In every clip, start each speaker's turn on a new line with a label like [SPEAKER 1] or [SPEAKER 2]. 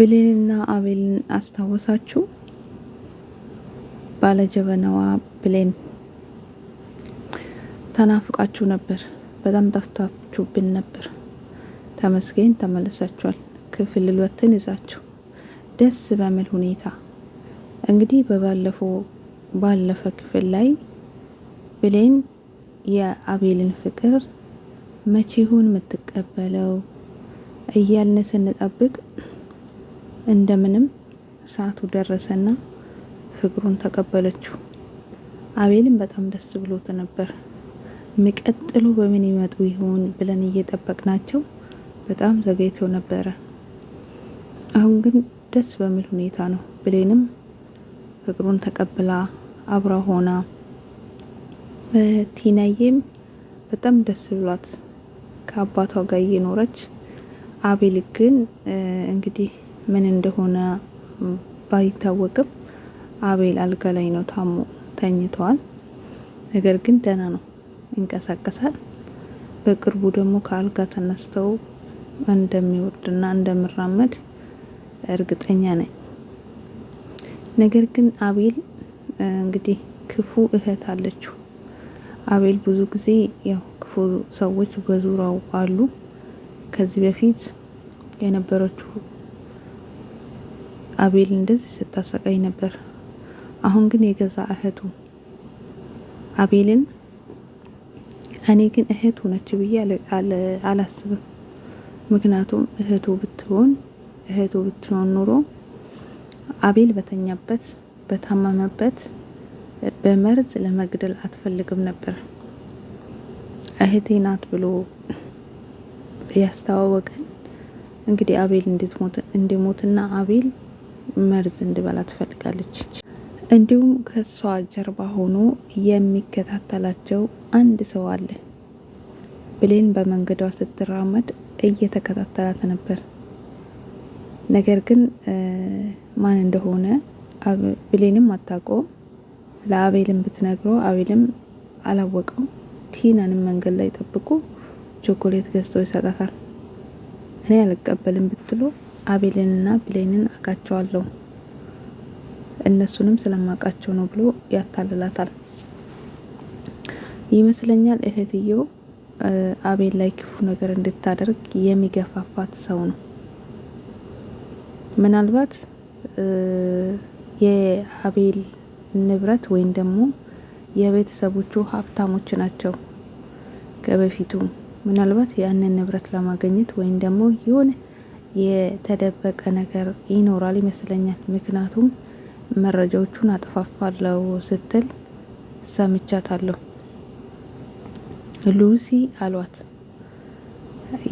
[SPEAKER 1] ብሌንና አቤልን አስታወሳችሁ? ባለጀበናዋ ብሌን ተናፍቃችሁ ነበር። በጣም ጠፍታችሁብን ነበር። ተመስገን ተመልሳችኋል። ክፍል ሁለትን ይዛችሁ ደስ በሚል ሁኔታ እንግዲህ በባለፈው ባለፈ ክፍል ላይ ብሌን የአቤልን ፍቅር መቼሁን የምትቀበለው እያልን ስንጠብቅ እንደምንም ሰዓቱ ደረሰና ፍቅሩን ተቀበለችው። አቤልም በጣም ደስ ብሎት ነበር። ሚቀጥሎ በምን ይመጡ ይሆን ብለን እየጠበቅናቸው በጣም ዘገይተው ነበረ። አሁን ግን ደስ በሚል ሁኔታ ነው። ብሌንም ፍቅሩን ተቀብላ አብራ ሆና በቲናዬም በጣም ደስ ብሏት ከአባቷ ጋር እየኖረች አቤል ግን እንግዲህ ምን እንደሆነ ባይታወቅም አቤል አልጋ ላይ ነው ታሞ ተኝተዋል። ነገር ግን ደህና ነው፣ ይንቀሳቀሳል። በቅርቡ ደግሞ ከአልጋ ተነስተው እንደሚወርድና እንደሚራመድ እርግጠኛ ነኝ። ነገር ግን አቤል እንግዲህ ክፉ እህት አለችው። አቤል ብዙ ጊዜ ያው ክፉ ሰዎች በዙሪያው አሉ። ከዚህ በፊት የነበረችው አቤል እንደዚህ ስታሰቃይ ነበር። አሁን ግን የገዛ እህቱ አቤልን እኔ ግን እህቱ ነች ብዬ አላስብም። ምክንያቱም እህቱ ብትሆን እህቱ ብትሆን ኑሮ አቤል በተኛበት በታመመበት በመርዝ ለመግደል አትፈልግም ነበር። እህቴ ናት ብሎ ያስተዋወቀን እንግዲህ አቤል ሞትና አቤል መርዝ እንድበላ ትፈልጋለች። እንዲሁም ከሷ ጀርባ ሆኖ የሚከታተላቸው አንድ ሰው አለ። ብሌን በመንገዷ ስትራመድ እየተከታተላት ነበር። ነገር ግን ማን እንደሆነ ብሌንም አታውቀውም። ለአቤልም ብትነግረው አቤልም አላወቀው ቲናንም መንገድ ላይ ጠብቆ ቾኮሌት ገዝቶ ይሰጣታል። እኔ አልቀበልም ብትሎ አቤልንና ብሌንን አውቃቸዋለሁ እነሱንም ስለማውቃቸው ነው ብሎ ያታልላታል ይመስለኛል። እህትየው አቤል ላይ ክፉ ነገር እንድታደርግ የሚገፋፋት ሰው ነው። ምናልባት የአቤል ንብረት ወይም ደግሞ የቤተሰቦቹ ሀብታሞች ናቸው። ከበፊቱ ምናልባት ያንን ንብረት ለማገኘት ወይም ደግሞ የሆነ የተደበቀ ነገር ይኖራል ይመስለኛል። ምክንያቱም መረጃዎቹን አጠፋፋለው ስትል ሰምቻታለሁ። ሉሲ አሏት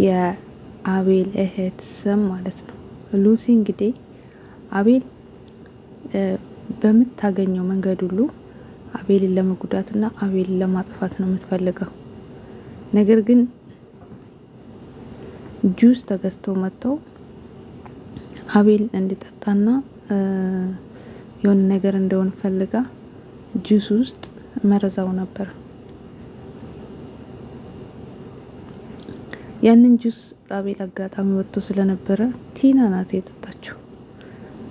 [SPEAKER 1] የአቤል እህት ስም ማለት ነው። ሉሲ እንግዲህ አቤል በምታገኘው መንገድ ሁሉ አቤልን ለመጉዳትና አቤልን ለማጥፋት ነው የምትፈልገው ነገር ግን ጁስ ተገዝቶ መጥተው አቤል እንዲጠጣና የሆነ ነገር እንደሆን ፈልጋ ጁስ ውስጥ መረዛው ነበር። ያንን ጁስ አቤል አጋጣሚ ወጥቶ ስለነበረ ቲና ናት የጠጣችው።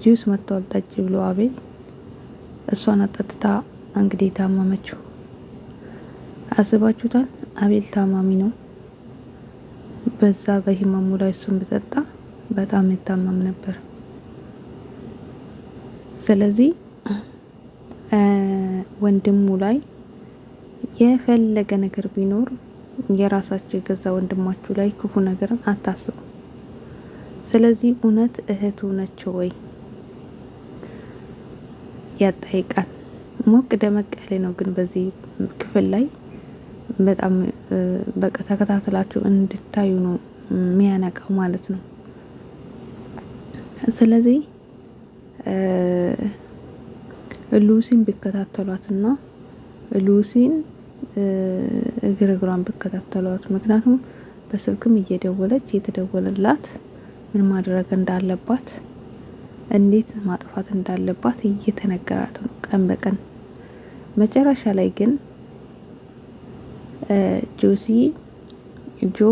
[SPEAKER 1] ጁስ መጥተዋል ጠጭ ብሎ አቤል እሷን አጠጥታ እንግዲህ ታመመችው። አስባችሁታል? አቤል ታማሚ ነው። በዛ በህመሙ ላይ እሱን ብጠጣ በጣም ይታመም ነበር። ስለዚህ ወንድሙ ላይ የፈለገ ነገር ቢኖር የራሳቸው የገዛ ወንድማችሁ ላይ ክፉ ነገርን አታስቡ። ስለዚህ እውነት እህቱ ነች ወይ ያጠይቃል። ሞቅ ደመቅ ያለ ነው ግን በዚህ ክፍል ላይ በጣም በቃ ተከታትላችሁ እንድታዩ ነው የሚያነቃው ማለት ነው። ስለዚህ ሉሲን ቢከታተሏትና ሉሲን እግር እግሯን ቢከታተሏት፣ ምክንያቱም በስልክም እየደወለች እየተደወለላት ምን ማድረግ እንዳለባት እንዴት ማጥፋት እንዳለባት እየተነገራት ነው ቀን በቀን መጨረሻ ላይ ግን ጆሲ ጆ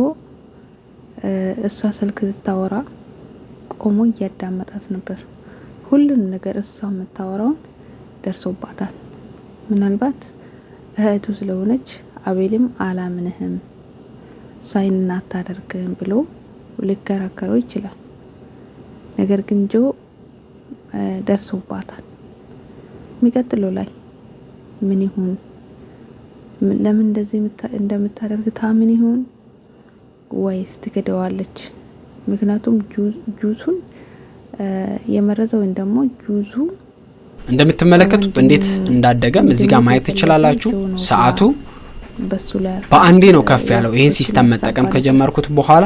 [SPEAKER 1] እሷ ስልክ ስታወራ ቆሞ እያዳመጣት ነበር። ሁሉንም ነገር እሷ የምታወራውን ደርሶባታል። ምናልባት እህቱ ስለሆነች አቤልም አላምንህም እሷ ይህንን አታደርግም ብሎ ሊከራከረው ይችላል። ነገር ግን ጆ ደርሶባታል። የሚቀጥለው ላይ ምን ይሁን? ለምን እንደዚህ እንደምታደርግ ታምን ይሆን ወይስ ትክደዋለች? ምክንያቱም ጁሱን የመረዘ ወይም ደግሞ ጁዙ
[SPEAKER 2] እንደምትመለከቱት እንዴት እንዳደገም እዚህ ጋር ማየት ትችላላችሁ። ሰዓቱ በአንዴ ነው ከፍ ያለው። ይህን ሲስተም መጠቀም ከጀመርኩት በኋላ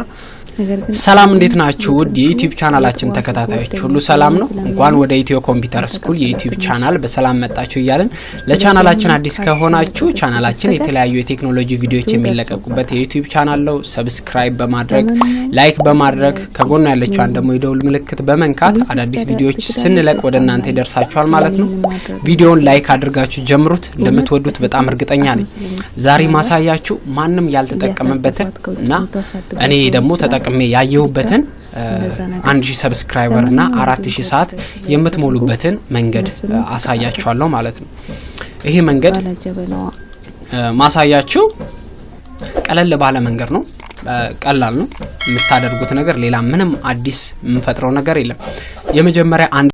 [SPEAKER 2] ሰላም እንዴት ናችሁ? ውድ የዩቲዩብ ቻናላችን ተከታታዮች ሁሉ ሰላም ነው። እንኳን ወደ ኢትዮ ኮምፒውተር ስኩል የዩቲዩብ ቻናል በሰላም መጣችሁ እያለን ለቻናላችን አዲስ ከሆናችሁ ቻናላችን የተለያዩ የቴክኖሎጂ ቪዲዮዎች የሚለቀቁበት የዩቲዩብ ቻናል ነው። ሰብስክራይብ በማድረግ ላይክ በማድረግ ከጎኑ ያለችዋን ደግሞ የደውል ምልክት በመንካት አዳዲስ ቪዲዮዎች ስንለቅ ወደ እናንተ ይደርሳችኋል ማለት ነው። ቪዲዮውን ላይክ አድርጋችሁ ጀምሩት። እንደምትወዱት በጣም እርግጠኛ ነኝ። ዛሬ ማሳያችሁ ማንም ያልተጠቀመበትን እና እኔ ደግሞ ተጠ ተጠቅሜ ያየሁበትን አንድ ሺህ ሰብስክራይበር እና አራት ሺህ ሰዓት የምትሞሉበትን መንገድ አሳያችኋለሁ ማለት ነው። ይሄ መንገድ ማሳያችሁ ቀለል ባለ መንገድ ነው። ቀላል ነው። የምታደርጉት ነገር ሌላ ምንም አዲስ የምንፈጥረው ነገር የለም። የመጀመሪያ አንድ